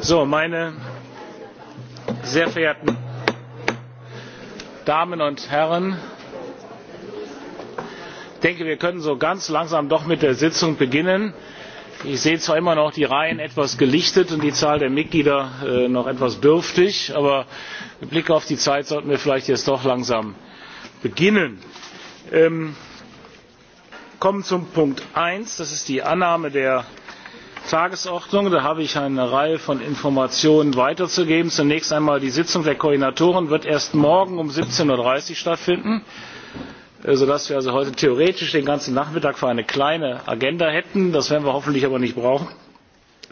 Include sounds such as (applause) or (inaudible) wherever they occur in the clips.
So, meine sehr verehrten Damen und Herren, ich denke, wir können so ganz langsam doch mit der Sitzung beginnen. Ich sehe zwar immer noch die Reihen etwas gelichtet und die Zahl der Mitglieder äh, noch etwas dürftig, aber mit Blick auf die Zeit sollten wir vielleicht jetzt doch langsam beginnen. wir ähm, kommen zu punkt eins das ist die annahme der tagesordnung. da habe ich eine reihe von informationen weiterzugeben. zunächst einmal die sitzung der koordinatoren wird erst morgen um. siebzehn dreißig uhr stattfinden äh, sodass wir also heute theoretisch den ganzen nachmittag für eine kleine agenda hätten. das werden wir hoffentlich aber nicht brauchen.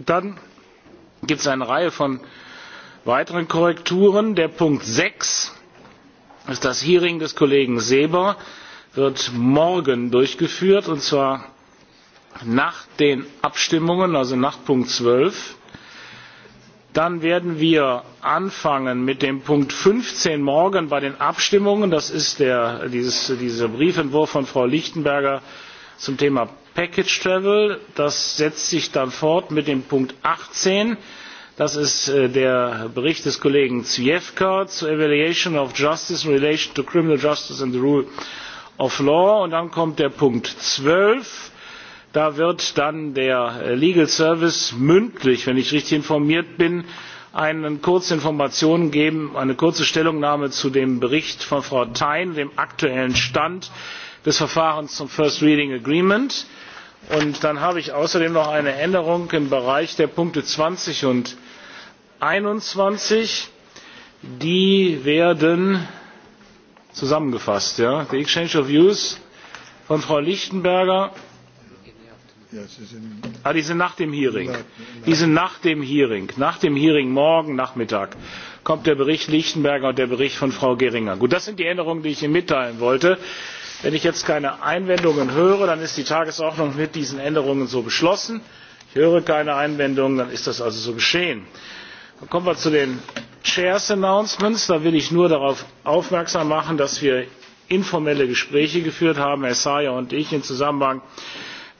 dann gibt es eine reihe von weiteren korrekturen. der punkt sechs ist das hearing des kollegen seeber wird morgen durchgeführt und zwar nach den abstimmungen also nach punkt. zwölf dann werden wir anfangen mit dem punkt fünfzehn morgen bei den abstimmungen das ist der, dieses, dieser briefentwurf von frau lichtenberger zum thema package travel. das setzt sich dann fort mit dem punkt achtzehn das ist äh, der bericht des kollegen zwiefka zur evaluation of justice in relation to criminal justice and the rule of law und dann kommt der punkt zwölf da wird dann der äh, legal service mündlich wenn ich richtig informiert bin eine kurze information geben eine kurze stellungnahme zu dem bericht von frau thein dem aktuellen stand des verfahrens zum first reading agreement und dann habe ich außerdem noch eine änderung im bereich der punkte zwanzig und einundzwanzig die werden zusammengefasst ja? the exchange of views von frau lichtenberger ah, die sind nach dem hearing die sind nach dem hearing nach dem hearing morgen nachmittag kommt der bericht lichtenberger und der bericht von frau geringer. gut das sind die änderungen die ich ihnen mitteilen wollte wenn ich jetzt keine einwendungen höre dann ist die tagesordnung mit diesen änderungen so beschlossen. ich höre keine einwendungen dann ist das also so geschehen. dann kommen wir zu den chairs announcements. da will ich nur darauf aufmerksam machen dass wir informelle gespräche geführt haben herr essayah und ich im zusammenhang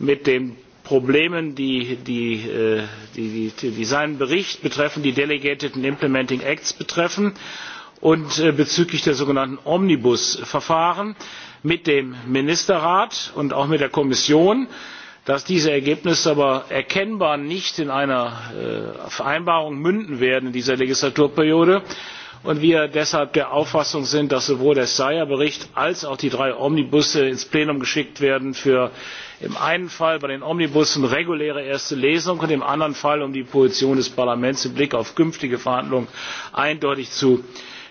mit den problemen äh, die, die, die, die seinen bericht betreffen die delegated and implementing acts betreffen und äh, bezüglich der sogenannten omnibus verfahren mit dem ministerrat und auch mit der kommission dass diese ergebnisse aber erkennbar nicht in einer äh, vereinbarung münden werden in dieser legislaturperiode und wir deshalb der auffassung sind dass sowohl der szjer bericht als auch die drei omnibusse ins plenum geschickt werden für im einen fall bei den omnibussen reguläre erste lesung und im anderen fall um die position des parlaments im blick auf künftige verhandlungen eindeutig zu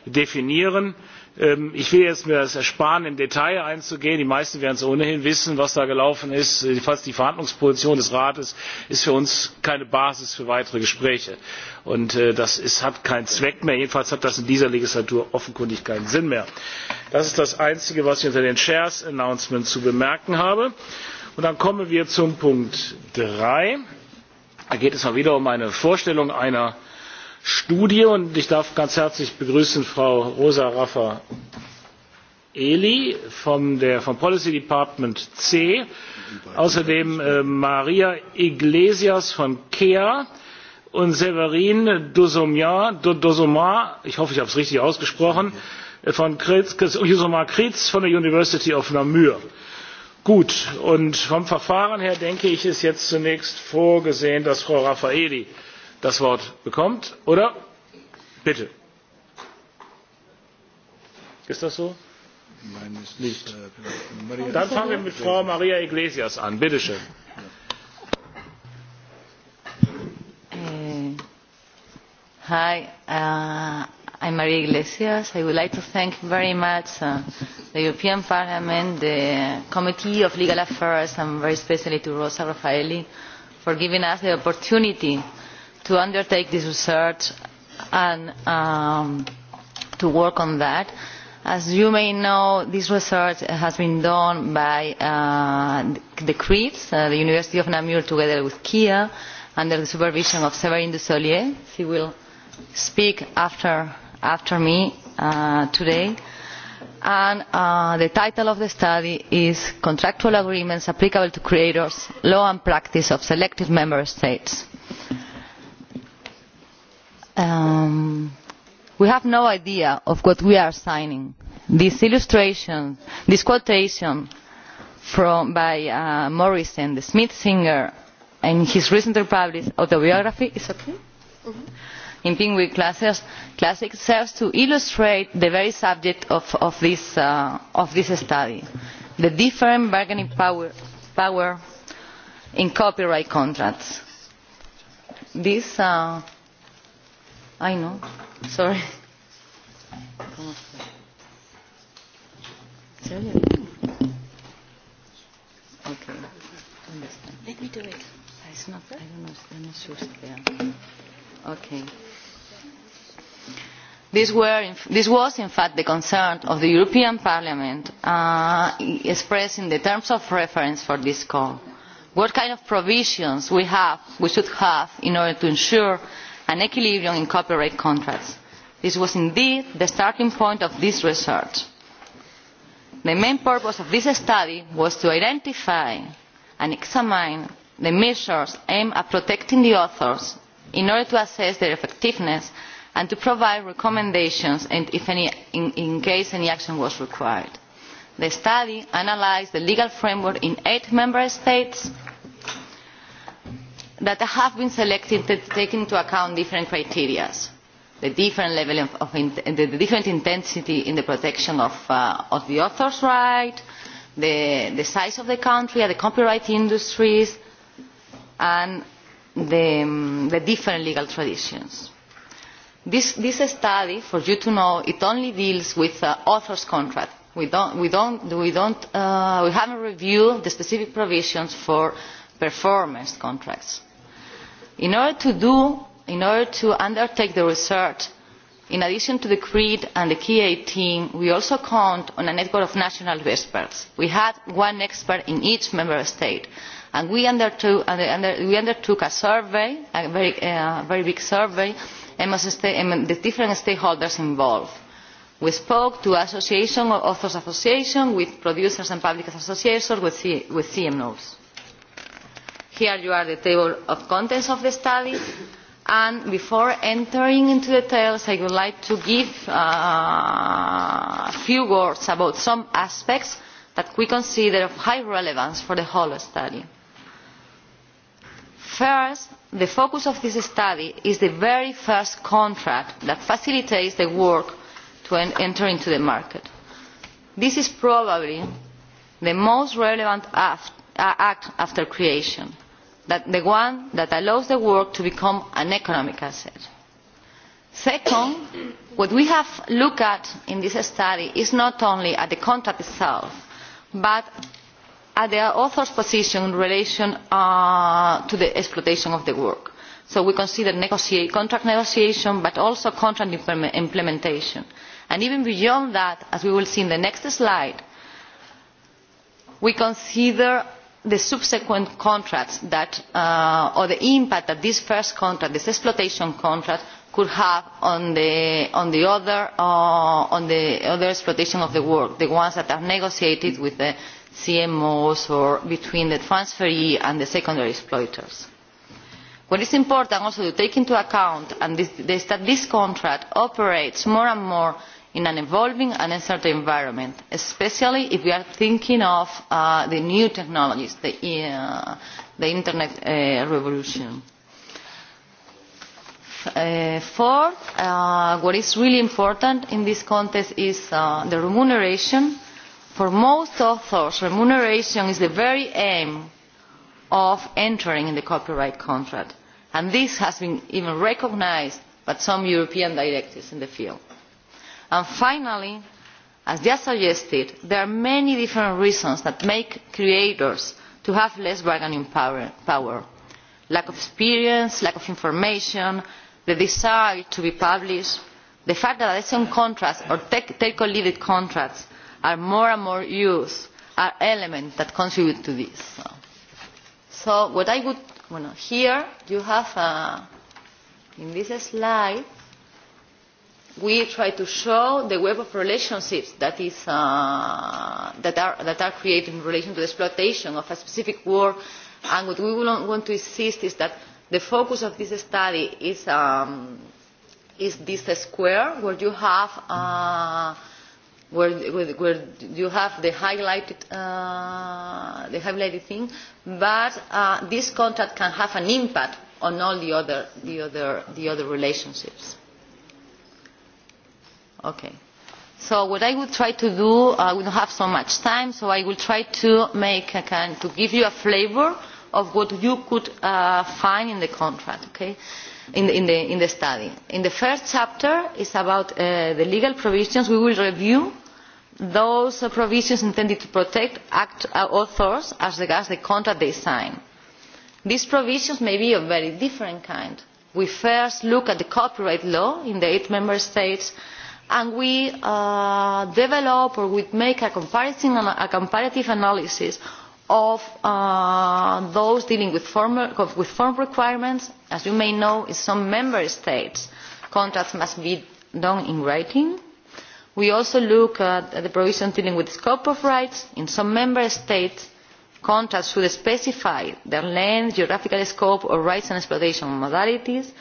definieren. Ähm, ich will es mir jetzt ersparen im detail einzugehen die meisten werden es ohnehin wissen was da gelaufen ist. jedenfalls äh, die verhandlungsposition des rates ist für uns keine basis für weitere gespräche und äh, das hat keinen zweck mehr jedenfalls hat das in dieser legislatur offenkundig keinen sinn mehr. das ist das einzige was ich unter den shares announcements zu bemerken habe. und dann kommen wir zum punkt drei da geht es mal wieder um eine vorstellung einer studie und ich darf ganz herzlich begrüßen frau rosa raffaeli vom, vom policy department c außerdem äh, maria iglesias von kea und severin dosomar ich hoffe ich habe es richtig ausgesprochen äh, von kriz von der university of namur. gut und vom verfahren her denke ich ist jetzt zunächst vorgesehen dass frau raffaeli das Wort bekommt. Oder? Bitte. Ist das so? Nein, ist nicht. Äh, Dann fangen wir mit Frau Maria Iglesias an. Bitte schön. Mm. Hi, uh, I'm Maria Iglesias. I would like to thank very much uh, the European Parliament, the Committee of Legal Affairs, and very especially to Rosa Raffaelli for giving us the opportunity to undertake this research and um, to work on that. As you may know, this research has been done by uh, the CREEDS, uh, the University of Namur, together with KIA, under the supervision of Severin Dussolier. She will speak after, after me uh, today. And uh, the title of the study is Contractual Agreements Applicable to Creators, Law and Practice of Selected Member States. Um, we have no idea of what we are signing. this illustration this quotation from, by uh, morrison the smith singer in his recently published autobiography is okay? Mm -hmm. in penguin classes, classics serves to illustrate the very subject of, of, this, uh, of this study the different bargaining power, power in copyright contracts. this uh, i know. Sorry. Okay. Let me do it. It's not, I don't know, I'm not sure. Yeah. Okay. This, were, this was in fact the concern of the European Parliament uh, expressed in the terms of reference for this call. What kind of provisions we, have, we should have in order to ensure and equilibrium in corporate contracts. this was indeed the starting point of this research. the main purpose of this study was to identify and examine the measures aimed at protecting the authors in order to assess their effectiveness and to provide recommendations and if any, in case any action was required. the study analysed the legal framework in eight member states that have been selected to take into account different criteria the different level of, of in, the different intensity in the protection of, uh, of the author's right, the, the size of the country, the copyright industries, and the, um, the different legal traditions. This, this study, for you to know, it only deals with uh, author's contract. We, don't, we, don't, we, don't, uh, we haven't reviewed the specific provisions for performance contracts in order to do in order to undertake the research in addition to the CREED and the key team we also count on a network of national experts. we had one expert in each member state and we undertook, a survey a very, uh, big survey among the different stakeholders involved. we spoke to associations authors associations with producers and public associations with cmos Here you are the table of contents of the study. And before entering into details, I would like to give uh, a few words about some aspects that we consider of high relevance for the whole study. First, the focus of this study is the very first contract that facilitates the work to enter into the market. This is probably the most relevant aspect act after creation the one that allows the work to become an economic asset. second what we have looked at in this study is not only at the contract itself but at the author's position in relation uh, to the exploitation of the work. so we consider contract negotiation but also contract implementation and even beyond that as we will see in the next slide we consider the subsequent contracts that, uh, or the impact that this first contract, this exploitation contract, could have on the, on the, other, uh, on the other exploitation of the work, the ones that are negotiated with the CMOs or between the transferee and the secondary exploiters. What is important also to take into account and this, is that this contract operates more and more in an evolving and uncertain environment especially if we are thinking of uh, the new technologies the, uh, the internet uh, revolution. Uh, fourth uh, what is really important in this context is uh, the remuneration. for most authors remuneration is the very aim of entering in the copyright contract and this has been even recognised by some european directives in the field and finally as just suggested there are many different reasons that make creators have less bargaining power, lack of experience lack of information the desire to be published the fact that adhesion contracts or take or leave it contracts are more and more used are elements that contribute to this. so here you have uh, in this slide we try to show the web of relationships that, is, uh, that, are, that are created in relation to the exploitation of a specific war. And what we want to insist is that the focus of this study is, um, is this square where you have uh, where, where, where you have the highlighted, uh, the highlighted thing, but uh, this contract can have an impact on all the other, the other, the other relationships. Okay. So what I will try to do, I would not have so much time, so I will try to make a kind, to give you a flavor of what you could uh, find in the contract, okay? In the, in, the, in the study. In the first chapter is about uh, the legal provisions. We will review those uh, provisions intended to protect act, uh, authors as regards the contract they sign. These provisions may be of very different kind. We first look at the copyright law in the eight member states and we uh, develop or we make a, comparative analysis of uh, those dealing with form, with form requirements. As you may know, in some member states, contracts must be done in writing. We also look at the provision dealing with the scope of rights. In some member states, contracts should specify their length, geographical scope, or rights and exploitation modalities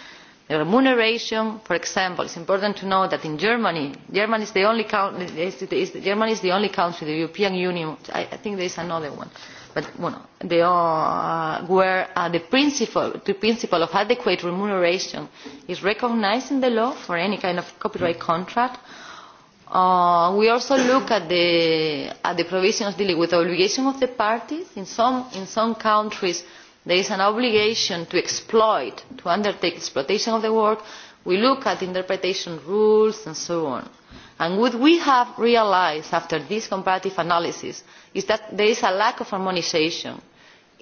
the remuneration for example it is important to know that in germany germany is the only, country in the european union I, think there is another one but uh, where uh, the, principle, the principle of adequate remuneration is recognised in the law for any kind of copyright contract. Uh, we also look at the, at the provisions dealing with the obligation of the parties. In some, in some countries, there is an obligation to exploit to undertake exploitation of the work we look at interpretation rules and so on. And what we have realised after this comparative analysis is that there is a lack of harmonisation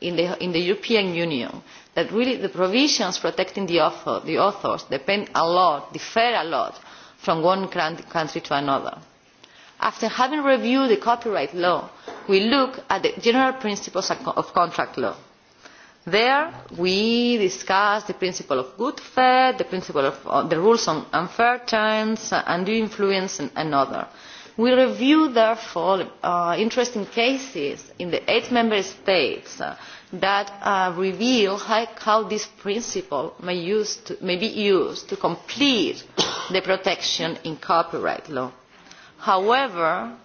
in the, in the european union that really the provisions protecting the, author, the authors depend a lot differ a lot from one country to another. after having reviewed the copyright law we look at the general principles of contract law there we discussed the principle of good faith the principle of uh, the rules on unfair terms uh, undue influence and, others. we reviewed therefore uh, interesting cases in the eight member states that reveal how, this principle may, may be used to complete the protection in copyright law. however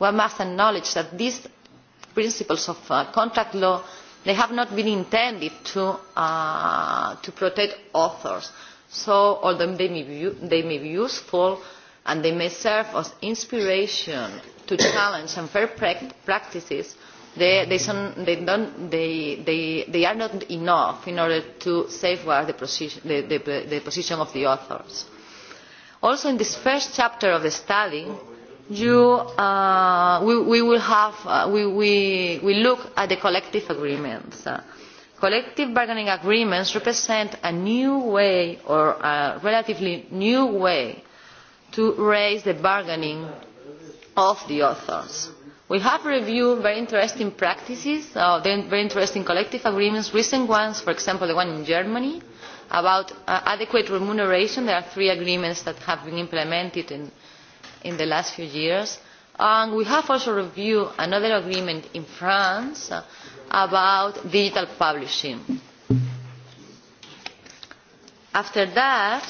we must acknowledge that these principles of contract law they have not been intended to, uh, to protect authors. So although they may, be, they may be useful and they may serve as inspiration to (coughs) challenge unfair practices, they, they, son, they, don't, they, they, they are not enough in order to safeguard the position, the, the, the position of the authors. Also in this first chapter of the study, you, uh, we, we will have, uh, we, we, we look at the collective agreements. Uh, collective bargaining agreements represent a new way or a relatively new way to raise the bargaining of the authors. We have reviewed very interesting practices, uh, very interesting collective agreements, recent ones, for example, the one in Germany, about uh, adequate remuneration. There are three agreements that have been implemented in, in the last few years. And we have also reviewed another agreement in France about digital publishing. After that,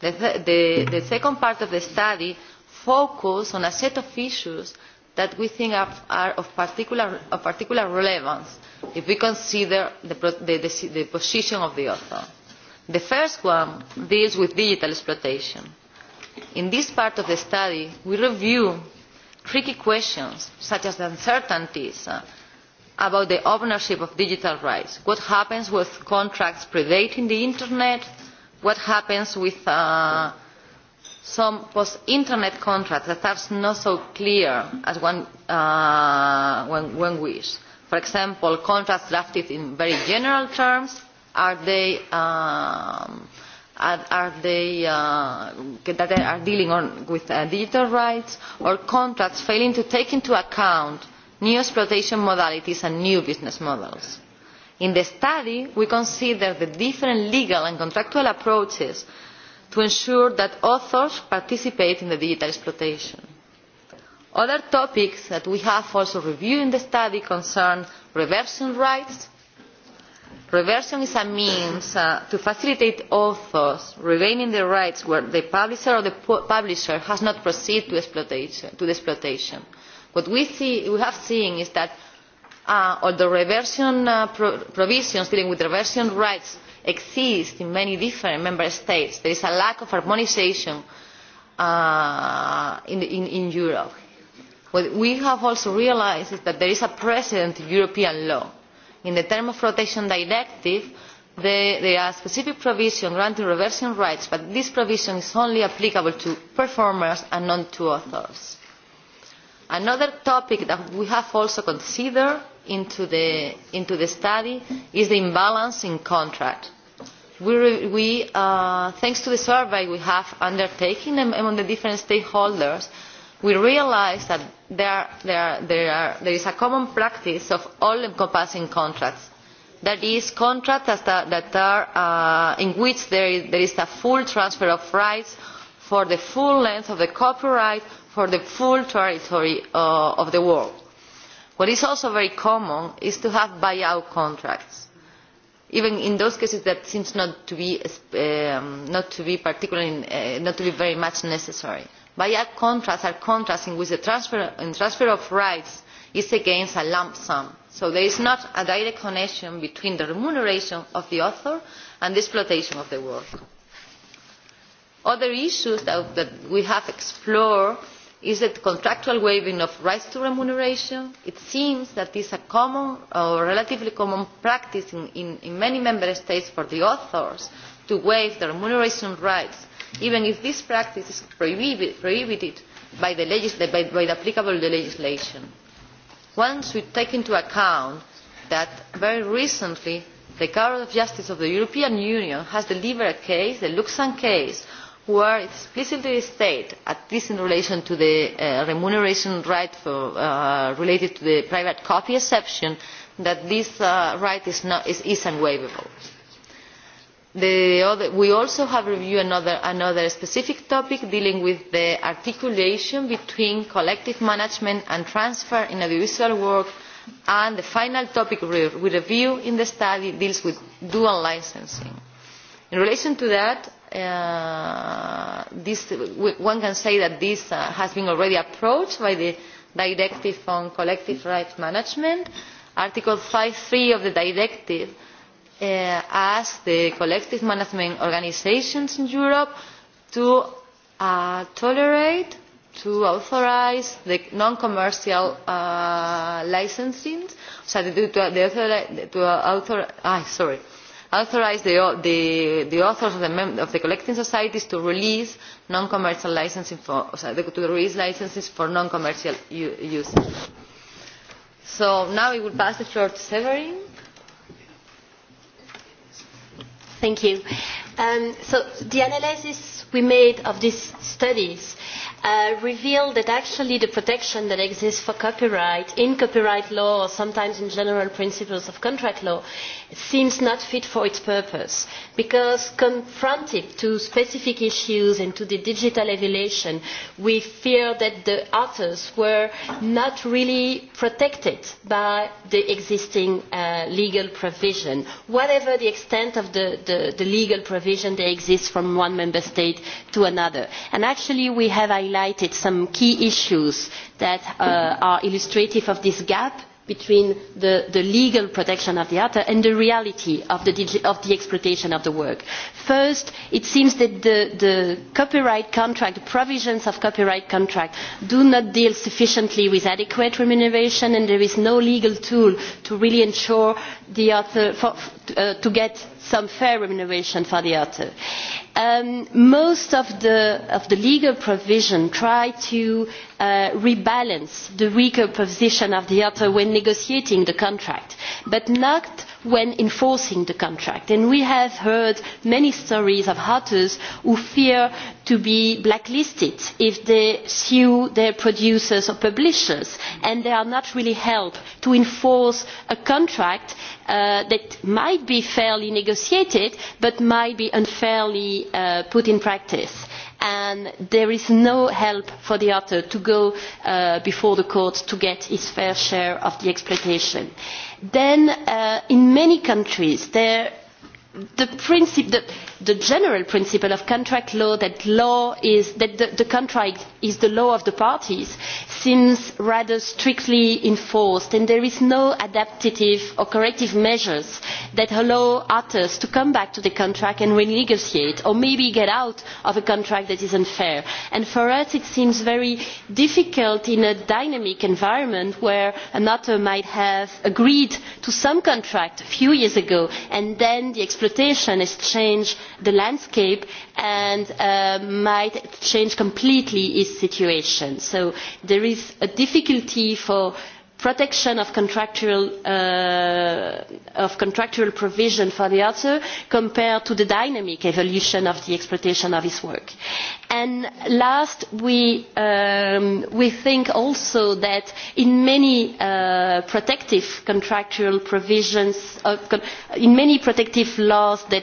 the, the, the second part of the study focuses on a set of issues that we think are, are of, particular, of particular relevance if we consider the, the, the, the position of the author. The first one deals with digital exploitation in this part of the study we review tricky questions such as the uncertainties uh, about the ownership of digital rights what happens with contracts predating the internet what happens with uh, some post internet contracts that are not so clear as one, uh, when, one wishes. For example, contracts drafted in very general terms, are they um, are they, uh, that are dealing on, with uh, digital rights or contracts failing to take into account new exploitation modalities and new business models. In the study, we consider the different legal and contractual approaches to ensure that authors participate in the digital exploitation. Other topics that we have also reviewed in the study concern reversion rights, reversion is a means uh, to facilitate authors regaining their rights where the publisher or the publisher has not proceeded to, exploitation, to the exploitation. what we, see, we have seen is that uh, although reversion uh, pro provisions dealing with reversion rights exist in many different member states there is a lack of harmonisation uh, in, in, in europe. what we have also realised is that there is a precedent in european law in the term of rotation directive there are specific provisions granting reversion rights but this provision is only applicable to performers and not to authors. another topic that we have also considered into the, into the study is the imbalance in contract. We, we, uh, thanks to the survey we have undertaken among the different stakeholders we realise that there, is a common practice of all encompassing contracts that is contracts uh, in which there is, a full transfer of rights for the full length of the copyright for the full territory uh, of the world. What is also very common is to have buy out contracts. Even in those cases that seem um, not to be, particularly, uh, necessary via contracts are contrasting with the transfer, and transfer of rights is against a lump sum. So there is not a direct connection between the remuneration of the author and the exploitation of the work. Other issues that, that we have explored is the contractual waiving of rights to remuneration. It seems that this is a common or relatively common practice in, in, in many member states for the authors to waive the remuneration rights even if this practice is prohibited by the, by, by the applicable legislation. once we take into account that very recently the court of justice of the european union has delivered a case the luxan case where it explicitly states at least in relation to the uh, remuneration right for, uh, related to the private copy exception that this uh, right is, not, is, is unwaivable we also have reviewed another, specific topic dealing with the articulation between collective management and transfer in audiovisual work and the final topic we review in the study deals with dual licensing. in relation to that uh, this, one can say that this uh, has been already approached by the directive on collective rights management. article five of the directive uh, as the collective management organisations in Europe to uh, tolerate, to authorise the non-commercial uh, licensing, so to, to, the author, to author, ah, sorry, authorise the, the, the authors of the, mem of the collecting societies to release non-commercial licensing for, so to release licenses for non-commercial uses. So now we will pass the floor to Severin Thank you. Um, so the analysis we made of these studies uh, revealed that actually the protection that exists for copyright in copyright law or sometimes in general principles of contract law seems not fit for its purpose because confronted to specific issues and to the digital evolution we fear that the authors were not really protected by the existing uh, legal provision whatever the extent of the, the, the legal provision vision that exists from one member state to another. And actually we have highlighted some key issues that uh, are illustrative of this gap between the, the legal protection of the author and the reality of the, of the exploitation of the work. First, it seems that the, the copyright contract, the provisions of copyright contract do not deal sufficiently with adequate remuneration and there is no legal tool to really ensure the author for, uh, to get some fair remuneration for the author Um, most of the, legal provision try to uh, rebalance the weaker position of the other when negotiating the contract but not when enforcing the contract. And we have heard many stories of hunters who fear to be blacklisted if they sue their producers or publishers and they are not really helped to enforce a contract uh, that might be fairly negotiated but might be unfairly uh, put in practice and there is no help for the author to go uh, before the court to get his fair share of the exploitation. then uh, in many countries there the, general principle of contract law that, the, contract is the law of the parties seems rather strictly enforced and there is no adaptive or corrective measures that allow actors to come back to the contract and renegotiate or maybe get out of a contract that is unfair. And for us it seems very difficult in a dynamic environment where an actor might have agreed to some contract a few years ago and then the interpretation is change the landscape and uh, might change completely its situation. So there is a difficulty for protection of contractual, uh, of contractual provision for the author compared to the dynamic evolution of the exploitation of his work. And last, we, um, we think also that in many uh, protective contractual provisions, uh, in many protective laws that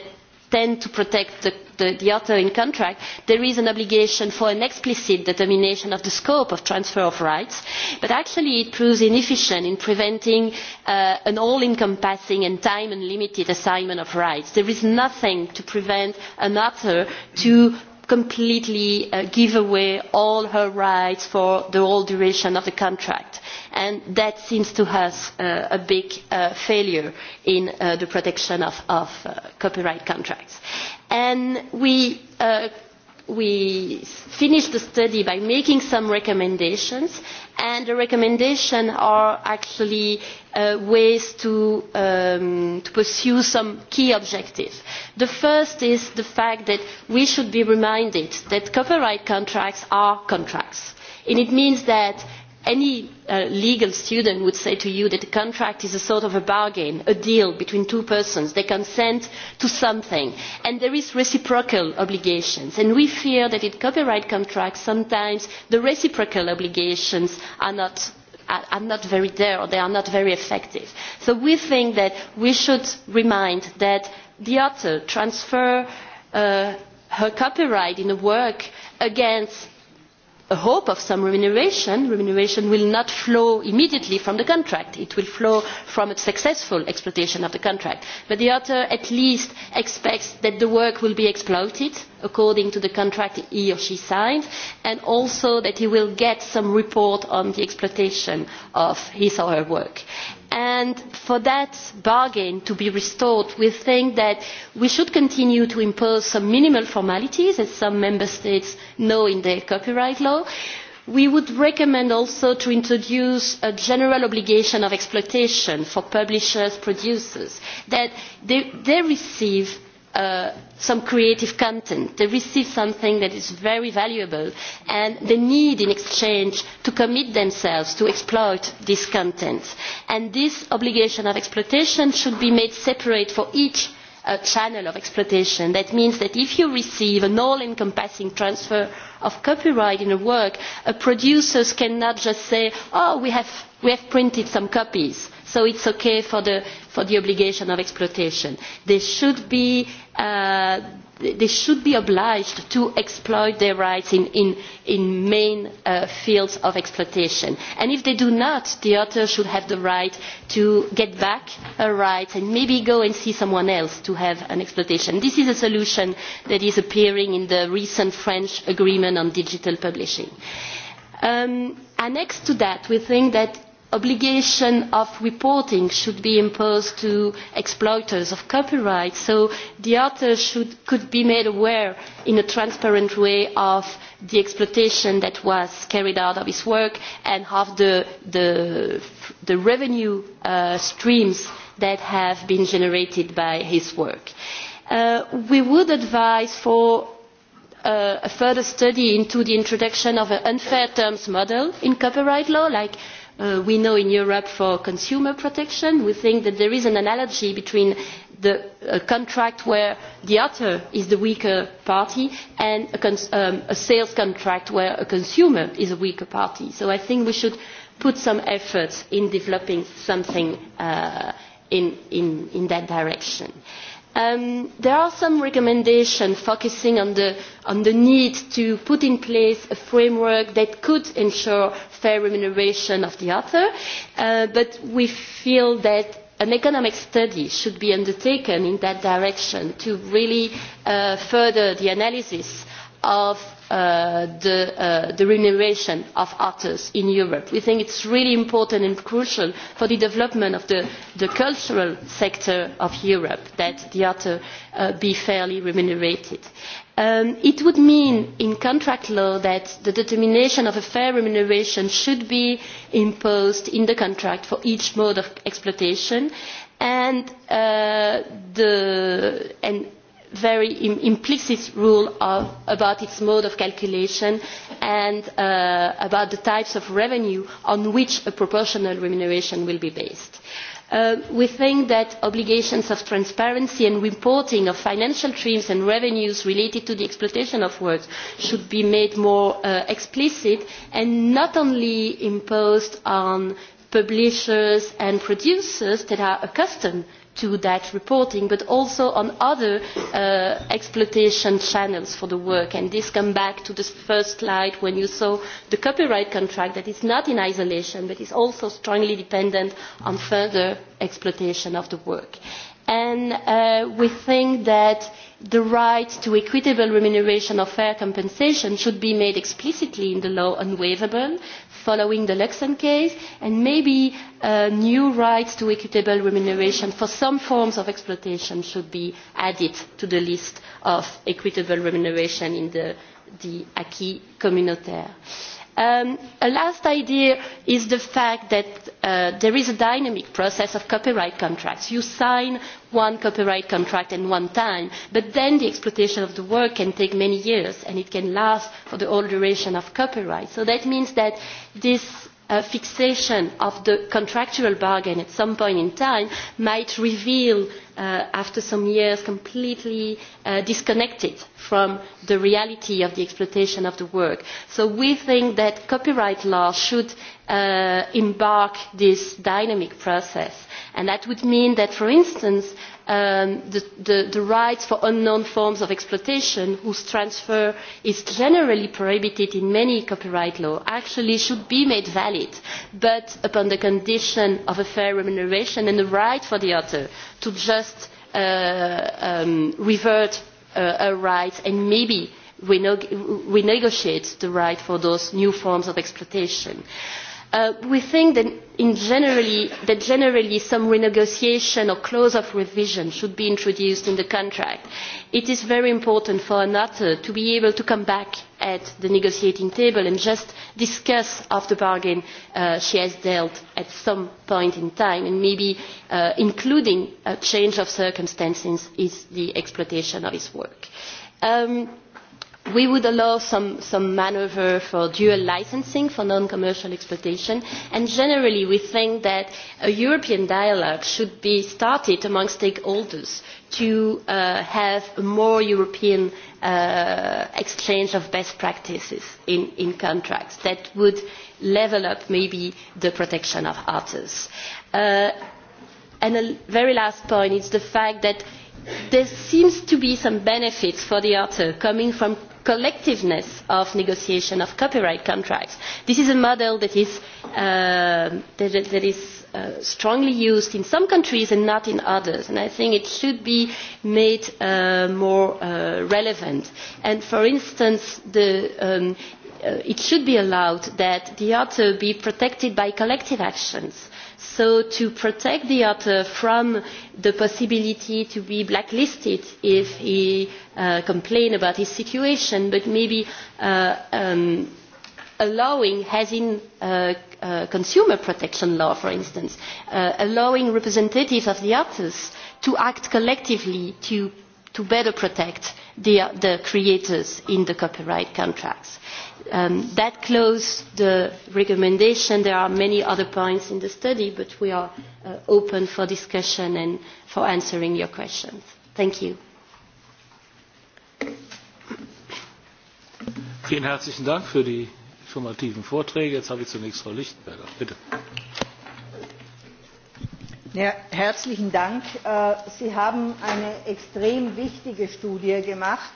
intend to protect the, author in contract there is an obligation for an explicit determination of the scope of transfer of rights but actually it proves inefficient in preventing uh, an all encompassing and time unlimited assignment of rights. there is nothing to prevent an author from completely uh, give away all her rights for the whole duration of the contract. And that seems to us uh, a big uh, failure in uh, the protection of, of uh, copyright contracts. And we uh, we finished the study by making some recommendations and the recommendations are actually uh, ways to, um, to pursue some key objectives. The first is the fact that we should be reminded that copyright contracts are contracts and it means that any uh, legal student would say to you that a contract is a sort of bargain a deal between two persons they consent to something and there are reciprocal obligations and we fear that in copyright contracts sometimes the reciprocal obligations are not very there or they are not very effective. So we think that we should remind that the author transfers uh, her copyright in a work against a hope of some remuneration remuneration will not flow immediately from the contract it will flow from a successful exploitation of the contract but the author at least expects that the work will be exploited according to the contract he or she signed and also that he will get some report on the exploitation of his or her work and for that bargain to be restored we think that we should continue to impose some minimal formalities as some member states know in their copyright law we would recommend also to introduce a general obligation of exploitation for publishers and producers that they receive Uh, some creative content they receive something that is very valuable and they need in exchange to commit themselves to exploit this content and this obligation of exploitation should be made separate for each uh, channel of exploitation. That means that if you receive an all-encompassing transfer of copyright in a work, a uh, producers cannot just say, oh, we have we have printed some copies so it is ok for the, obligation of exploitation. Uh, they should be obliged to exploit their rights in, the main uh, fields of exploitation. And if they do not, the author should have the right to get back her rights and maybe go and see someone else to have an exploitation. This is a solution that is appearing in the recent French agreement on digital publishing. Um, annexed to that, we think that obligation of reporting should be imposed to exploiters of copyright so the author should, could be made aware in a transparent way of the exploitation that was carried out of his work and of the, the, the revenue uh, streams that have been generated by his work. Uh, we would advise for uh, a further study into the introduction of an unfair terms model in copyright law like Uh, we know in Europe for consumer protection. We think that there is an analogy between the a contract where the author is the weaker party and um, a, sales contract where a consumer is a weaker party. So I think we should put some efforts in developing something uh, in, that direction. Um, there are some recommendations focusing on the, need to put in place a framework that could ensure fair remuneration of the author uh, but we feel that an economic study should be undertaken in that direction to really uh, further the analysis of uh, uh, the, remuneration of authors in Europe. We think it's really important and crucial for the development of the, the cultural sector of Europe that the author uh, be fairly remunerated. Um, it would mean in contract law that the determination of a fair remuneration should be imposed in the contract for each mode of exploitation and, uh, the, and very implicit rule about its mode of calculation and uh, about the types of revenue on which a proportional remuneration will be based. Uh, we think that obligations of transparency and reporting of financial streams and revenues related to the exploitation of works should be made more uh, explicit and not only imposed on publishers and producers that are accustomed to that reporting but also on other uh, exploitation channels for the work and this comes back to the first slide when you saw the copyright contract that is not in isolation but is also strongly dependent on further exploitation of the work. And uh, we think that the right to equitable remuneration or fair compensation should be made explicitly in the law unwaivable following the Luxon case, and maybe uh, new rights to equitable remuneration for some forms of exploitation should be added to the list of equitable remuneration in the, the acquis communautaire. Um, a last idea is the fact that uh, there is a dynamic process of copyright contracts. You sign one copyright contract at one time, but then the exploitation of the work can take many years and it can last for the whole duration of copyright. So that means that this uh, fixation of the contractual bargain at some point in time might reveal uh, after some years completely uh, disconnected from the reality of the exploitation of the work. So we think that copyright law should uh, embark this dynamic process. And that would mean that, for instance, um, the, the, the rights for unknown forms of exploitation whose transfer is generally prohibited in many copyright law actually should be made valid, but upon the condition of a fair remuneration and the right for the author to just uh, um, revert uh, a right and maybe renegotiate the right for those new forms of exploitation. Uh, we think that generally, some renegotiation or clause of revision should be introduced in the contract. it is very important for an actor uh, to be able to come back to the negotiating table and just discuss the bargain uh, she has dealt at some point in time and maybe including a change of circumstances in the exploitation of his work. Um, we would allow some, some manoeuvre for dual licensing for non-commercial exploitation. And generally, we think that a European dialogue should be started among stakeholders to uh, have a more European uh, exchange of best practices in, in contracts that would level up maybe the protection of artists. Uh, and a very last point is the fact that there seems to be some benefits for the author coming from collectiveness of negotiation of copyright contracts. This is a model that is, uh, that, that is uh, strongly used in some countries and not in others, and I think it should be made uh, more uh, relevant. And for instance, the, um, uh, it should be allowed that the author be protected by collective actions so to protect the author from the possibility to be blacklisted if he uh, complains about his situation but maybe uh, um, allowing as in uh, uh, consumer protection law for instance uh, allowing representatives of the authors to act collectively to, to better protect the, the creators in the copyright contracts. Um, that closed the recommendation. There are many other points in the study, but we are uh, open for discussion and for answering your questions. Thank you. Vielen herzlichen Dank für die informativen Vorträge. Jetzt habe ich zunächst Frau Lichtenberger. Bitte herzlichen Dank. Äh, Sie haben eine extrem wichtige Studie gemacht,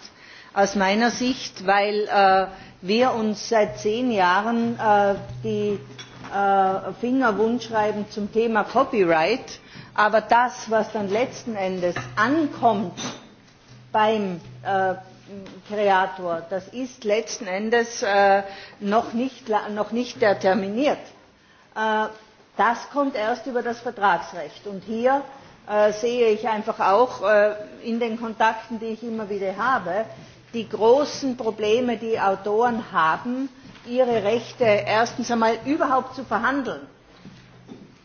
aus meiner Sicht, weil äh, wir uns seit zehn Jahren äh, die Finger wundschreiben zum Thema Copyright, aber das, was dann letzten Endes ankommt beim Kreator, das ist letzten Endes noch nicht determiniert das kommt erst über das vertragsrecht. und hier äh, sehe ich einfach auch äh, in den kontakten die ich immer wieder habe die großen probleme die autoren haben ihre rechte erstens einmal überhaupt zu verhandeln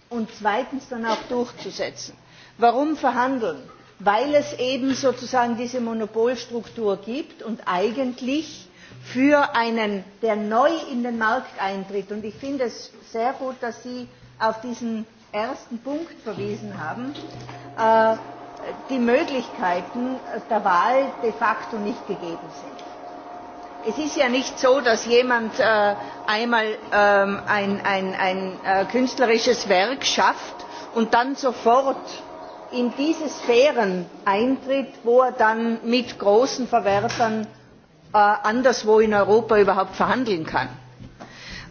und zweitens dann auch durchzusetzen. warum verhandeln? weil es eben sozusagen diese monopolstruktur gibt und eigentlich für einen der neu in den markt eintritt und ich finde es sehr gut dass sie auf diesen ersten Punkt verwiesen haben, äh, die Möglichkeiten der Wahl de facto nicht gegeben sind. Es ist ja nicht so, dass jemand äh, einmal ähm, ein, ein, ein äh, künstlerisches Werk schafft und dann sofort in diese Sphären eintritt, wo er dann mit großen Verwertern äh, anderswo in Europa überhaupt verhandeln kann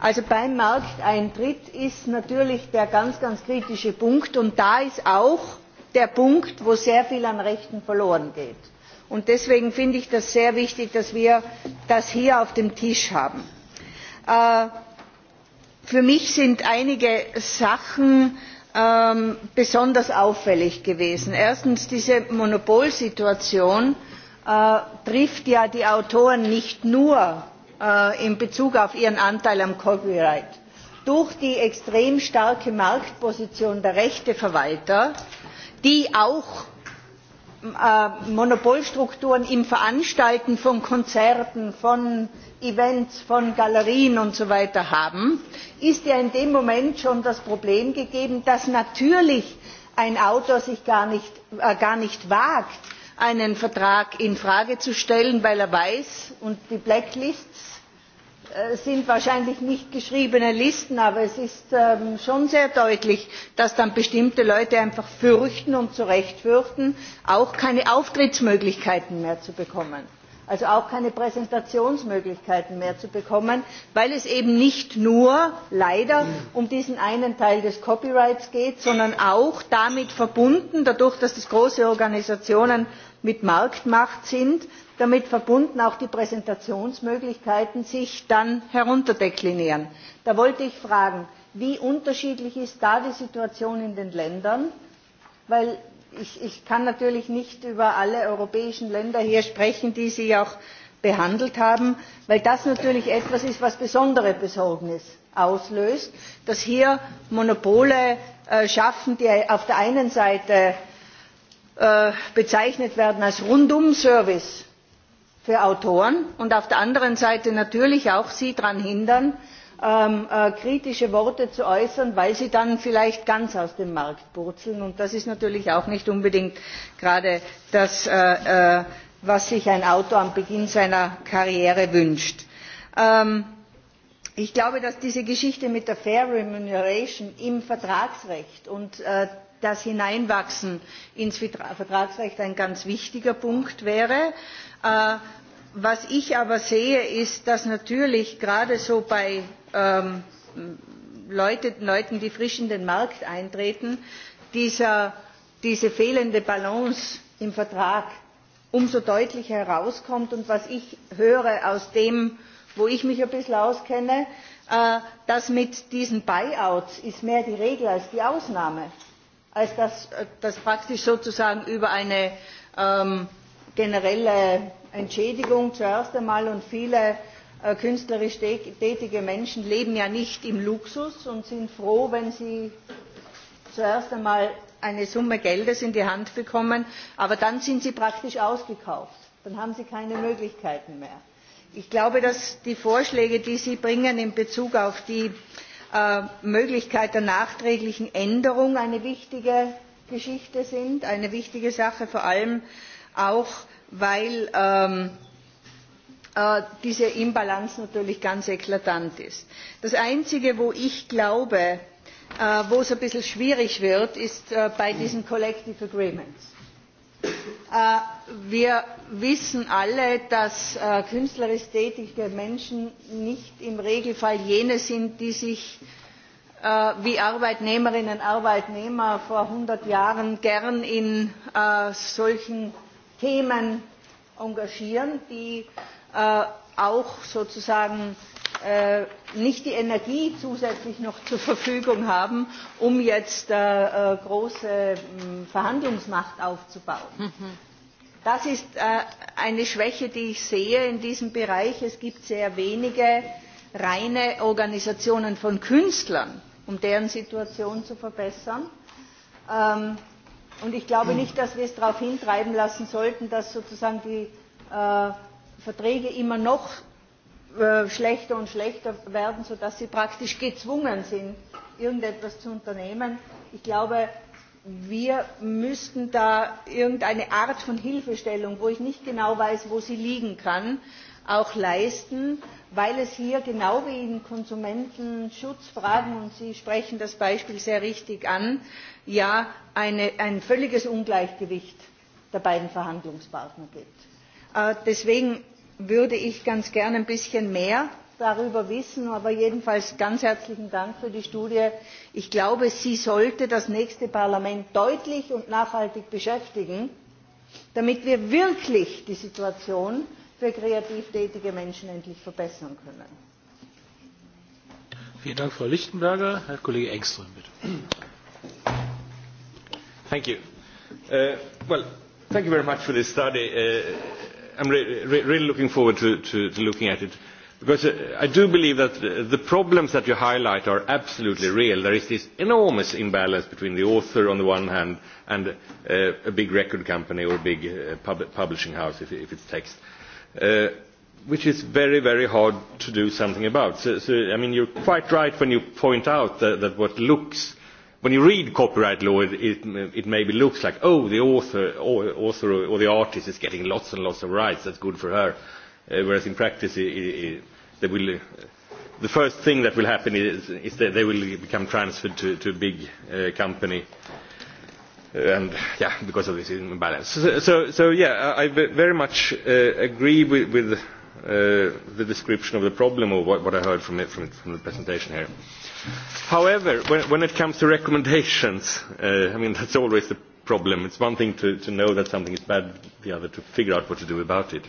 also beim markteintritt ist natürlich der ganz ganz kritische punkt und da ist auch der punkt wo sehr viel an rechten verloren geht. deswegen finde ich es sehr wichtig dass wir das hier auf dem tisch haben. Äh, für mich sind einige sachen ähm, besonders auffällig gewesen. erstens diese monopolsituation äh, trifft ja die autoren nicht nur Äh, in bezug auf ihren anteil am copyright. durch die extrem starke marktposition der rechteverwalter die auch äh, monopolstrukturen im veranstalten von konzerten von events von galerien usw. haben ist ja in dem moment schon das problem gegeben dass natürlich ein autor sich gar nicht, äh, wagt einen vertrag in frage zu stellen weil er weiß und die blacklists äh, sind wahrscheinlich nicht geschriebene listen aber es ist ähm, schon sehr deutlich dass dann bestimmte leute einfach fürchten und zu recht fürchten auch keine auftrittsmöglichkeiten mehr zu bekommen also auch keine präsentationsmöglichkeiten mehr zu bekommen weil es eben nicht nur leider um diesen einen teil des copyrights geht sondern auch damit verbunden dadurch dass das große organisationen mit marktmacht sind damit verbunden auch die präsentationsmöglichkeiten sich dann herunterdeklinieren. da wollte ich fragen wie unterschiedlich ist da die situation in den ländern? weil ich, kann natürlich nicht über alle europäischen länder hier sprechen die sie auch behandelt haben weil das natürlich etwas ist was besondere besorgnis auslöst dass hier monopole äh, schaffen die auf der einen seite äh, bezeichnet werden als rundum service für autoren und auf der anderen seite natürlich auch sie daran hindern Ähm, äh, kritische worte zu äußern weil sie dann vielleicht ganz aus dem markt purzeln und das ist natürlich auch nicht unbedingt gerade das äh, äh, was sich ein autor am beginn seiner karriere wünscht. Ähm, ich glaube dass diese geschichte mit der fair remuneration im vertragsrecht und das hineinwachsen ins vertragsrecht ein ganz wichtiger punkt wäre was ich aber sehe ist dass natürlich gerade so bei ähm, Leute, leuten die frisch in den markt eintreten dieser, diese fehlende balance im vertrag umso deutlicher herauskommt und was ich höre aus dem wo ich mich ein bisschen auskenne äh, dass mit diesen buyouts ist mehr die regel als die ausnahme als dass äh, das praktisch sozusagen über eine ähm, generelle entschädigung zuerst einmal und viele äh, künstlerisch tätige menschen leben ja nicht im luxus und sind froh wenn sie zuerst einmal eine summe geldes in die hand bekommen aber dann sind sie praktisch ausgekauft dann haben sie keine möglichkeiten mehr. ich glaube dass die vorschläge die sie bringen in bezug auf die äh, möglichkeit der nachträglichen änderung eine wichtige geschichte sind eine wichtige sache vor allem auch weil ähm, äh, diese Imbalance natürlich ganz eklatant ist. Das Einzige, wo ich glaube, äh, wo es ein bisschen schwierig wird, ist äh, bei diesen Collective Agreements. Wir wissen alle, dass künstlerisch tätige Menschen nicht im Regelfall jene sind, die sich wie Arbeitnehmerinnen und Arbeitnehmer vor hundert Jahren gern in solchen Themen engagieren, die äh, auch sozusagen äh, nicht die Energie zusätzlich noch zur Verfügung haben, um jetzt äh, äh große hm, Verhandlungsmacht aufzubauen. Mhm. Das ist äh, eine Schwäche, die ich sehe in diesem Bereich. Es gibt sehr wenige reine Organisationen von Künstlern, um deren Situation zu verbessern. Ähm, Und ich glaube nicht, dass wir es darauf hintreiben lassen sollten, dass sozusagen die äh, Verträge immer noch äh, schlechter und schlechter werden, sodass sie praktisch gezwungen sind, irgendetwas zu unternehmen. Ich glaube, wir müssten da irgendeine Art von Hilfestellung, wo ich nicht genau weiß, wo sie liegen kann, auch leisten, weil es hier genau wie in konsumentenschutzfragen und sie sprechen das beispiel sehr richtig an ja eine, ein völliges ungleichgewicht der beiden verhandlungspartner gibt. Äh, deswegen würde ich ganz gerne ein bisschen mehr darüber wissen aber jedenfalls ganz herzlichen dank für die studie. ich glaube sie sollte das nächste parlament deutlich und nachhaltig beschäftigen damit wir wirklich die situation für kreativ tätige Menschen endlich verbessern können. Vielen Dank, Frau Lichtenberger. Herr Kollege Engström, bitte. Thank you. Uh, well, thank you very much for this study. Uh, I'm re re really looking forward to, to, to looking at it because uh, I do believe that the problems that you highlight are absolutely real. There is this enormous imbalance between the author on the one hand and uh, a big record company or a big uh, pub publishing house if, if it's text. Uh, Uh, which is very, very hard to do something about. So, so, I mean, you're quite right when you point out that, that what looks, when you read copyright law, it, it, it maybe looks like, oh, the author or, author or the artist is getting lots and lots of rights, that's good for her. Uh, whereas in practice, it, it, it, they will, uh, the first thing that will happen is, is that they will become transferred to, to a big uh, company and yeah, because of this imbalance. So, so, so yeah, I, very much uh, agree with, with uh, the description of the problem or what, what I heard from, it, from, from the presentation here. However, when, when it comes to recommendations, uh, I mean, that's always the problem. It's one thing to, to know that something is bad, the other to figure out what to do about it.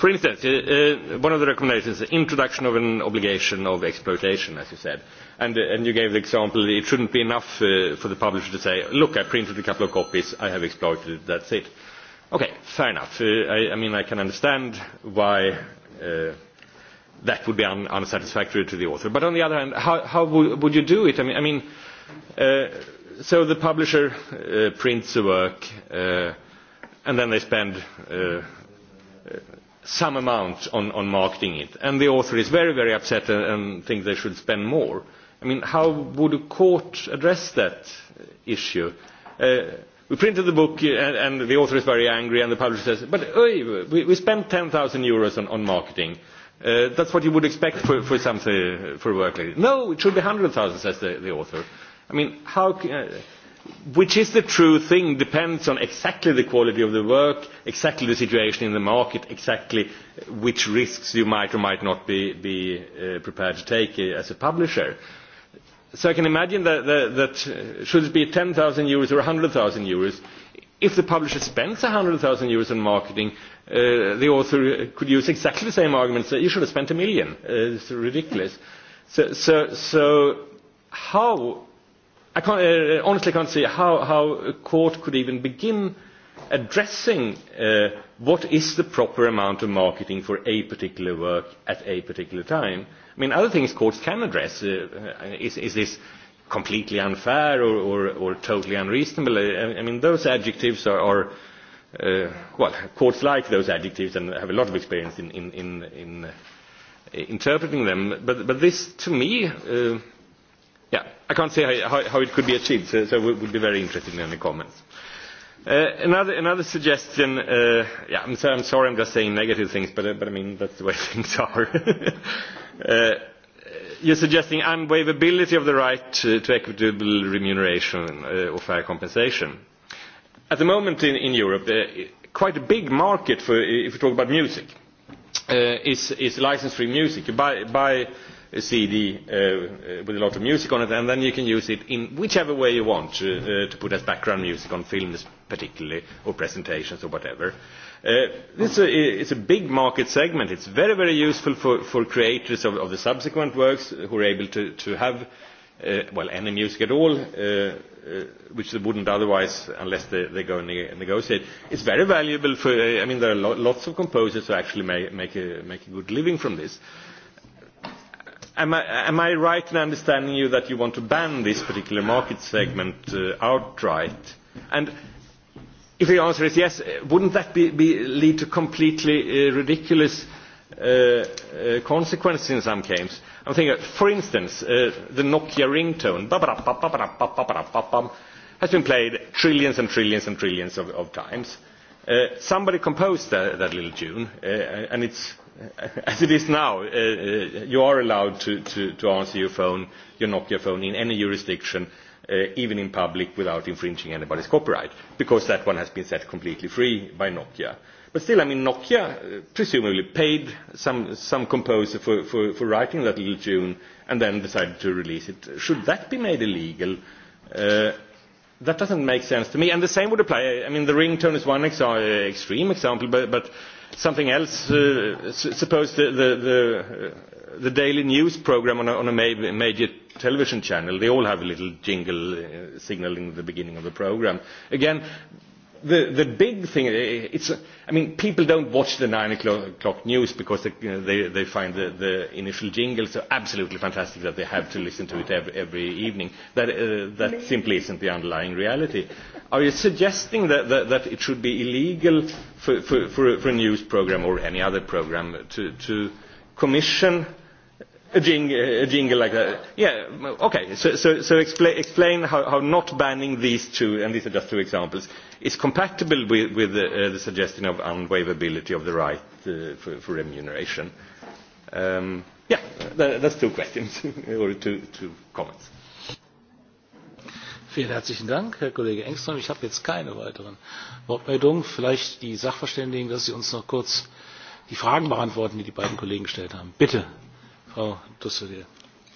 For instance, uh, uh, one of the recommendations is the introduction of an obligation of exploitation, as you said. And, uh, you gave the example, that it should not be enough for the publisher to say, look, I printed a couple of copies, I have exploited it, that is it. Okay, fair enough. I, mean, I can understand why that would be unsatisfactory to the author. But on the other hand, how, would, you do it? I mean, so the publisher prints the work, and then they spend some amount on, marketing it. And the author is very, very upset and, thinks they should spend more. I mean, how would a court address that issue? Uh, we printed the book uh, and, and the author is very angry and the publisher says, but oy, we, we spent 10,000 euros on, on marketing. Uh, that's what you would expect for, for, something, for work like this. No, it should be 100,000, says the, the author. I mean, how... Can, uh, which is the true thing depends on exactly the quality of the work exactly the situation in the market exactly which risks you might or might not be, be uh, prepared to take uh, as a publisher. So I can imagine that, that, that uh, should it be 10,000 euros or 100,000 euros, if the publisher spends 100,000 euros on marketing, uh, the author uh, could use exactly the same arguments that you should have spent a million. Uh, it's ridiculous. So, so, so how i can't, uh, uh honestly can't see how, how a court could even begin addressing uh, what is the proper amount of marketing for a particular work at a particular time. I mean, other things courts can address. Uh, uh is, is this completely unfair or, or, or totally unreasonable? Uh, I, I mean, those adjectives are, are uh, well, courts like those adjectives and have a lot of experience in, in, in, in uh, interpreting them. But, but this, to me, uh, i cannot see how, it could be achieved, so, it would be very interesting to hear the comments. Uh, another, suggestion, uh, i am sorry i am just saying negative things, but, uh, but I mean, that's the way (laughs) things are. (laughs) Uh, you are suggesting unwaivability of the right to, equitable remuneration or fair compensation. At the moment in, in Europe, uh, quite a big market if you talk about music, uh, is, licence free music. You buy CD uh, with a lot of music on it, and then you can use it in whichever way you want uh, uh, to put as background music on films, particularly, or presentations or whatever. Uh, this uh, is a big market segment. It's very, very useful for, for creators of, of the subsequent works who are able to, to have, uh, well, any music at all, uh, uh, which they wouldn't otherwise unless they, they go and negotiate. It's very valuable for, uh, I mean, there are lo- lots of composers who actually may, make, a, make a good living from this. Uh, am I, right in understanding you that you want to ban this particular market segment uh, outright? And if the answer is yes, uh, wouldn't that lead to completely uh, ridiculous consequences in some cases? I'm thinking, for instance, the Nokia ringtone has been played trillions and trillions and trillions of, times. somebody composed that, little tune, and it's (laughs) as it is now, uh, uh, you are allowed to, to, to answer your phone, your Nokia phone, in any jurisdiction, uh, even in public, without infringing anybody's copyright, because that one has been set completely free by Nokia. But still, I mean, Nokia uh, presumably paid some, some composer for, for, for writing that little tune and then decided to release it. Should that be made illegal? Uh, that doesn't make sense to me. And the same would apply. I mean, the ringtone is one extreme example, but, but something else uh, suppose the, daily news programme on a, major television channel they all have a little jingle uh, signalling the beginning of the programme again the, the big thing, eh, eh, it's, I mean, people don't watch the 9 o'clock news because they, you know, they, they find the, the initial jingle so absolutely fantastic that they have to listen to it every, every evening. That, uh, that simply isn't the underlying reality. Are you suggesting that, that, that it should be illegal for, for, for, a, for a news program or any other program to, to commission uh, a jingle, a jingle like that. Yeah, okay. So, so, so explain, explain how, how not banning these two, and these are just two examples, is compatible with, with the, uh, the suggestion of unwaivability of the right uh, for, for remuneration. Um, yeah, that, that's two questions, (laughs) or two, two comments. Vielen herzlichen Dank, Herr Kollege Engström. Ich habe jetzt keine weiteren Wortmeldungen. Vielleicht die Sachverständigen, dass sie uns noch kurz die Fragen beantworten, die die beiden Kollegen gestellt haben. Bitte. Oh, to se děje.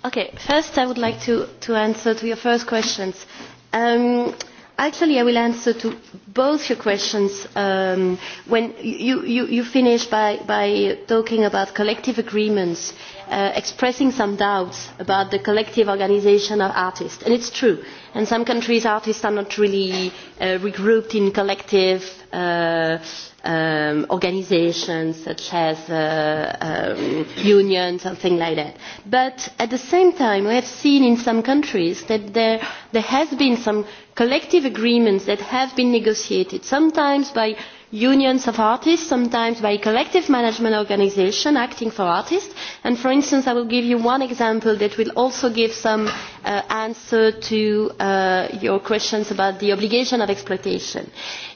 Okay, first I would like to, to answer to your first questions. Um, actually, I will answer to both your questions um, when you, you, you finish by, by talking about collective agreements, uh, expressing some doubts about the collective organization of artists. And it's true in some countries artists are not really uh, regrouped in collective uh, um, organisations such as uh, um, unions something things like that. But at the same time, we have seen in some countries that there, there has been some collective agreements that have been negotiated, sometimes by unions of artists sometimes by collective management organisations acting for artists and for instance i will give you one example that will also give some uh, answer to uh, your questions about the obligation of exploitation.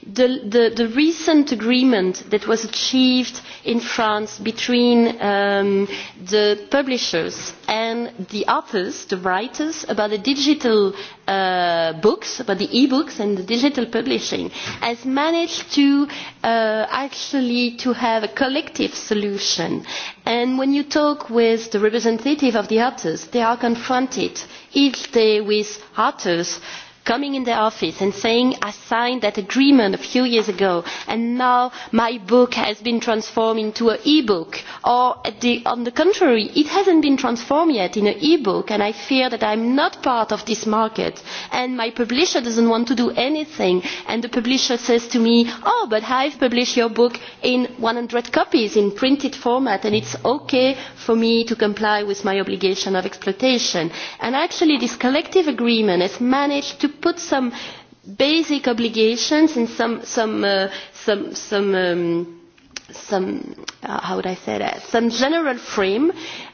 The, the, the recent agreement that was achieved in france between um, the publishers and the authors the writers about the digital uh, books about the e books and the digital publishing has managed to Uh, actually to have a collective solution. And when you talk with the representative of the authors, they are confronted each day with authors coming in the office and saying i signed that agreement a few years ago and now my book has been transformed into an e book or the, on the contrary it has not been transformed yet into an e book and i fear that i am not part of this market and my publisher does not want to do anything and the publisher says to me oh but i have published your book in one hundred copies in printed format and it is ok for me to comply with my obligation of exploitation. And actually this collective agreement has managed to put some basic obligations and some some uh, some some um, some uh, how would I say that some general frame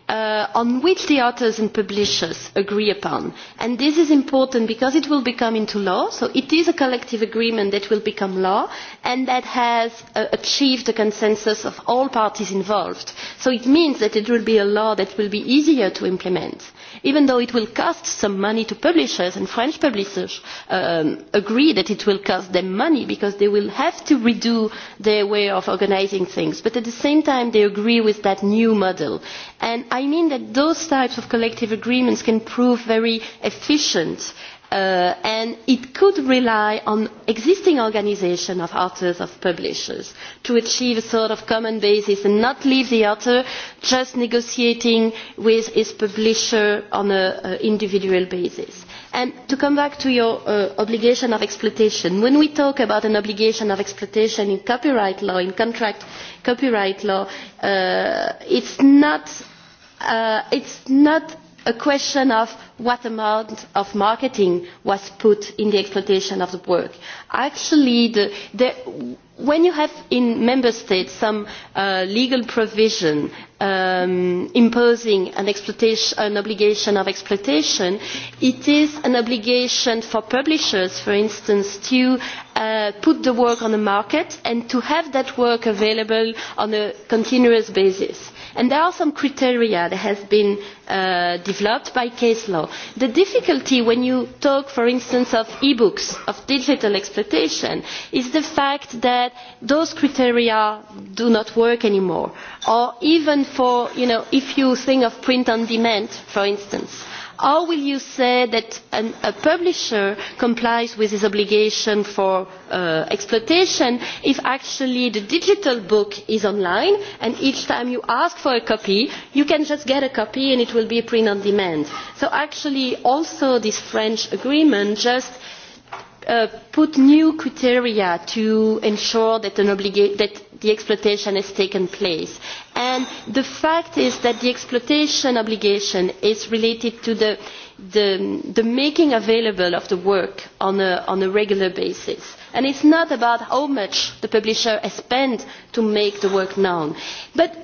uh, on which the authors and publishers agree upon and this is important because it will become into law so it is a collective agreement that will become law and that has uh, achieved the consensus of all parties involved so it means that it will be a law that will be easier to implement even though it will cost some money to publishers and french publishers um, agree that it will cost them money because they will have to redo their way of organising things but at the same time they agree with that new model and i mean that those types of collective agreements can prove very efficient and Uh, and it could rely on the existing organisation of authors and publishers to achieve a sort of common basis and not leave the author just negotiating with his publisher on an individual basis. to come back to your uh, obligation of exploitation when we talk about an obligation of exploitation in copyright law in contract copyright law uh, it is not a question of what amount of marketing was put in the exploitation of the work. Actually, the, the, when you have in member states some uh, legal provision um, imposing an, exploitation, an obligation of exploitation, it is an obligation for publishers, for instance, to uh, put the work on the market and to have that work available on a continuous basis and there are some criteria that have been uh, developed by case law. the difficulty when you talk for instance of e books of digital exploitation is the fact that those criteria do not work anymore or even for you know if you think of print on demand for instance how will you say that a publisher complies with his obligation for uh, exploitation if actually the digital book is online and each time you ask for a copy you can just get a copy and it will be print on demand? so actually also this french agreement just uh, put new criteria to ensure that, an obligation that the exploitation has taken place. And the fact is that the exploitation obligation is related to the, the, the making available of the work on a, on a regular basis. And it's not about how much the publisher has spent to make the work known. But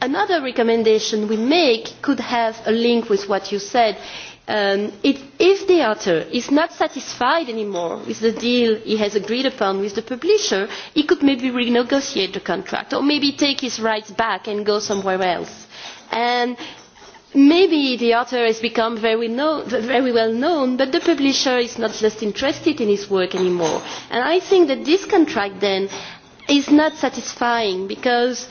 another recommendation we make could have a link with what you said Um, if the author is not satisfied anymore with the deal he has agreed upon with the publisher he could maybe renegotiate the contract or maybe take his rights back and go somewhere else. maybe the author has become no, very, well known but the publisher is not just interested in his work anymore. And i think that this contract then is not satisfying because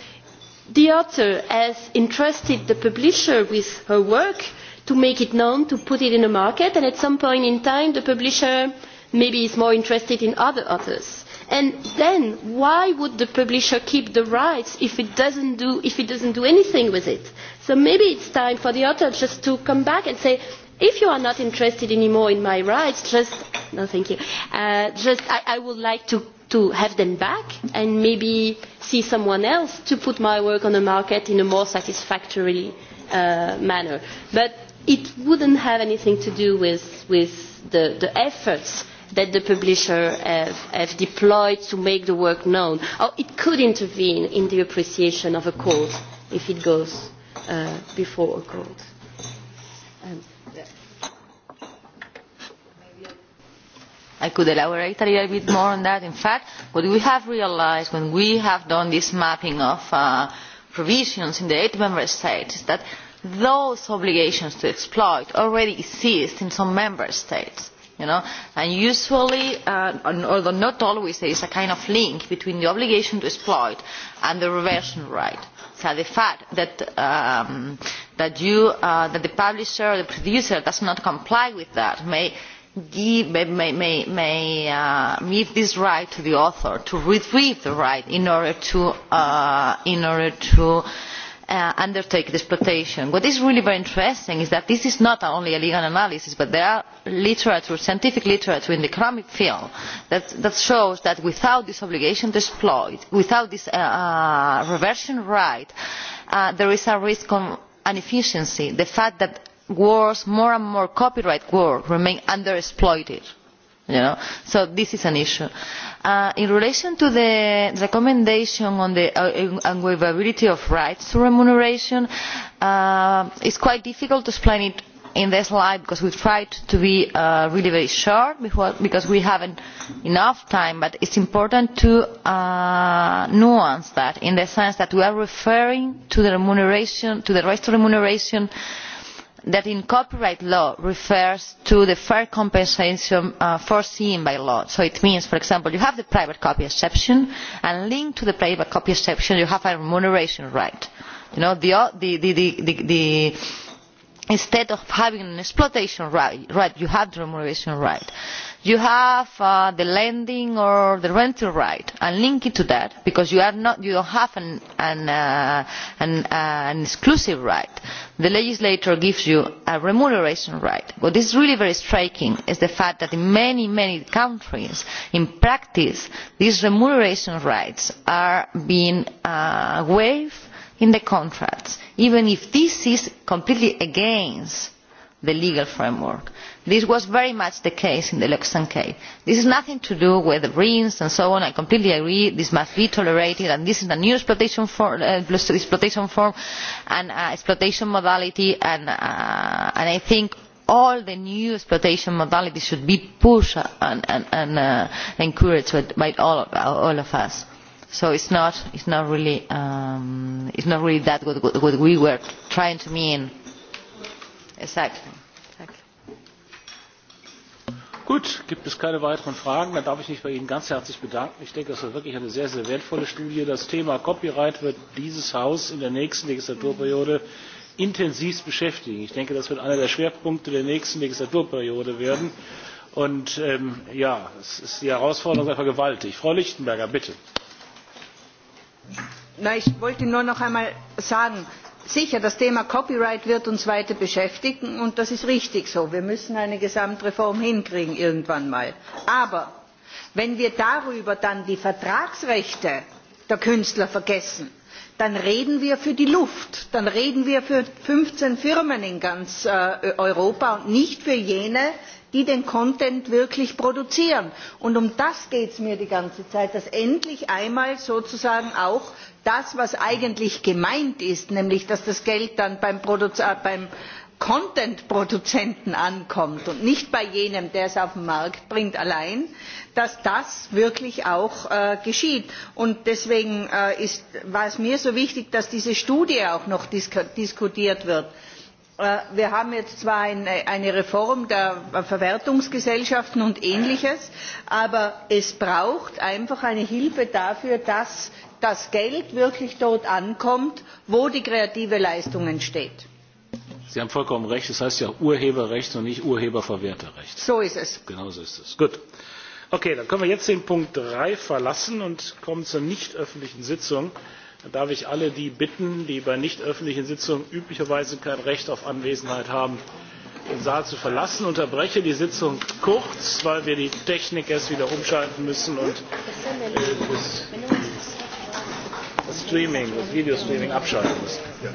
the author has entrusted the publisher with her work to make it known to put it in the market and at some point in time the publisher maybe is more interested in other authors and then why would the publisher keep the rights if it doesn't do if it doesn't do anything with it so maybe it's time for the author just to come back and say if you are not interested anymore in my rights just no thank you uh, just I, I would like to to have them back and maybe see someone else to put my work on the market in a more satisfactory uh, manner. But it wouldn't have anything to do with, with the, the efforts that the publisher have, have deployed to make the work known. Or oh, it could intervene in the appreciation of a court if it goes uh, before a court. Um, I could elaborate a little bit more on that. In fact, what we have realized when we have done this mapping of uh, provisions in the eight member states is that those obligations to exploit already exist in some member states you know? and usually uh, although not always there is a kind of link between the obligation to exploit and the reversion right. so the fact that, um, uh, that, the publisher or the producer does not comply with that may give, may, may, may uh, give this right to the author to retrieve the right in order to, in order to Uh, undertake the exploitation. what is really very interesting is that this is not only a legal analysis but there are literature scientific literature in the economic field that, shows that without this obligation to exploit without this uh, uh, reversion right there is a risk of inefficiency the fact that more and more copyright work remain under exploited You know? So this is an issue. Uh, in relation to the recommendation on the unwaivability uh, of rights to remuneration, uh, it's quite difficult to explain it in this slide because we tried to be uh, really very short before, because we haven't enough time but it's important to uh, nuance that in the sense that we are referring to the, remuneration, to the right to remuneration uh, that in copyright law refers to the fair compensation uh, foreseen by law. so it means for example you have the private copy exception and linked to the private copy exception you have a remuneration right. You know, the, the, the, instead of having an exploitation right, you have the remuneration right you have uh, the lending or the rental right and link it to that because you, do not have uh, uh, an exclusive right the legislator gives you a remuneration right. what is really very striking is the fact that in many many countries in practice these remuneration rights are being waived in the contracts even if this is completely against the legal framework. this was very much the case in the lexan case. this has nothing to do with rings and so on i completely agree this must be tolerated and this is a new exploitation uh, form, and uh, exploitation modality uh, and, i think all the new exploitation modalities should be pushed and, encouraged by all of us so it's not it's not really um, it's not really that what, what we were trying to mean exactly. Gut, gibt es keine weiteren Fragen, dann darf ich mich bei Ihnen ganz herzlich bedanken. Ich denke, das ist wirklich eine sehr, sehr wertvolle Studie. Das Thema Copyright wird dieses Haus in der nächsten Legislaturperiode intensiv beschäftigen. Ich denke, das wird einer der Schwerpunkte der nächsten Legislaturperiode werden. Und ähm, ja, es ist, die Herausforderung ist einfach gewaltig. Frau Lichtenberger, bitte ich wollte nur noch einmal sagen sicher das thema copyright wird uns weiter beschäftigen und das ist richtig so wir müssen eine gesamtreform hinkriegen irgendwann mal. aber wenn wir darüber dann die vertragsrechte der künstler vergessen dann reden wir für die luft dann reden wir für fünfzehn firmen in ganz äh, europa und nicht für jene die den content wirklich produzieren. und um das geht es mir die ganze zeit dass endlich einmal sozusagen auch das was eigentlich gemeint ist nämlich dass das geld dann beim, äh, content produzenten ankommt und nicht bei jenem der es auf den markt bringt allein dass das wirklich auch äh, geschieht. Und deswegen äh, war es mir so wichtig dass diese studie auch noch diskutiert wird Äh, wir haben jetzt zwar eine reform der verwertungsgesellschaften und ähnliches aber es braucht einfach eine hilfe dafür dass das geld wirklich dort ankommt wo die kreative leistung entsteht. Sie haben vollkommen recht, es heißt ja Urheberrecht und nicht Urheberverwerterrecht. So ist es. Genau so ist es. Gut. dann können wir jetzt den Punkt drei verlassen und kommen zur nichtöffentlichen Sitzung darf ich alle die bitten die bei nicht öffentlichen sitzungen üblicherweise kein recht auf anwesenheit haben den saal zu verlassen. ich unterbreche die sitzung kurz weil wir die technik erst wieder umschalten müssen und äh, das, video streaming abschalten müssen.